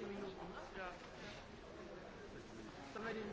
Minuten. Ne?